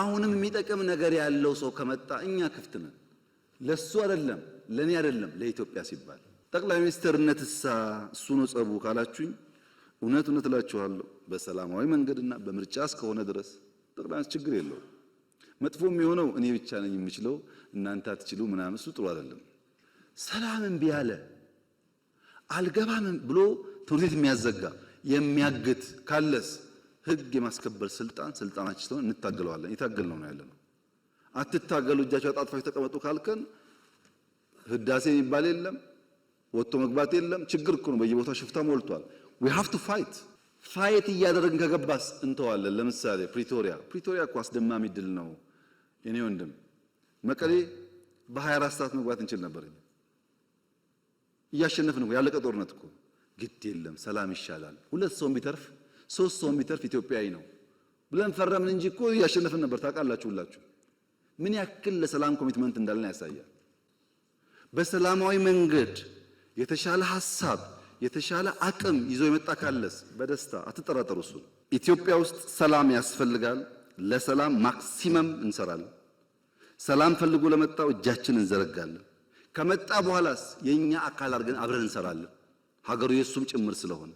አሁንም የሚጠቅም ነገር ያለው ሰው ከመጣ እኛ ክፍት ነን። ለሱ አይደለም ለኔ አይደለም ለኢትዮጵያ ሲባል ጠቅላይ ሚኒስትርነት እሳ እሱ ነው ጸቡ ካላችሁኝ፣ እውነት እውነት እላችኋለሁ በሰላማዊ መንገድና በምርጫ እስከሆነ ድረስ ጠቅላይ ችግር የለውም። መጥፎ የሚሆነው እኔ ብቻ ነኝ የምችለው እናንተ አትችሉ ምናምን፣ እሱ ጥሩ አይደለም። ሰላም ቢያለ አልገባም ብሎ ትምህርት ቤት የሚያዘጋ የሚያግት ካለስ ህግ የማስከበር ስልጣን ስልጣናችን ስለሆነ እንታገለዋለን። የታገል ነው ያለ ነው። አትታገሉ እጃቸው አጣጥፋችሁ ተቀመጡ ካልከን ህዳሴ የሚባል የለም፣ ወጥቶ መግባት የለም። ችግር እኮ ነው። በየቦታው ሽፍታ ሞልቷል። ዊ ሃቭ ቱ ፋይት ፋይት እያደረግን ከገባስ እንተዋለን። ለምሳሌ ፕሪቶሪያ ፕሪቶሪያ እኮ አስደማሚ ድል ነው። እኔ ወንድም መቀሌ በ24 ሰዓት መግባት እንችል ነበር። እያሸነፍን ያለቀ ጦርነት እኮ ግድ የለም፣ ሰላም ይሻላል። ሁለት ሰውን ቢተርፍ ሶስት ሰው የሚተርፍ ኢትዮጵያዊ ነው ብለን ፈረምን እንጂ እኮ እያሸነፍን ነበር። ታውቃላችሁ ሁላችሁ ምን ያክል ለሰላም ኮሚትመንት እንዳለን ያሳያል። በሰላማዊ መንገድ የተሻለ ሀሳብ የተሻለ አቅም ይዞ የመጣ ካለስ በደስታ አትጠራጠሩ። እሱን ኢትዮጵያ ውስጥ ሰላም ያስፈልጋል። ለሰላም ማክሲመም እንሰራለን። ሰላም ፈልጎ ለመጣው እጃችን እንዘረጋለን። ከመጣ በኋላስ የኛ አካል አድርገን አብረን እንሰራለን። ሀገሩ የሱም ጭምር ስለሆነ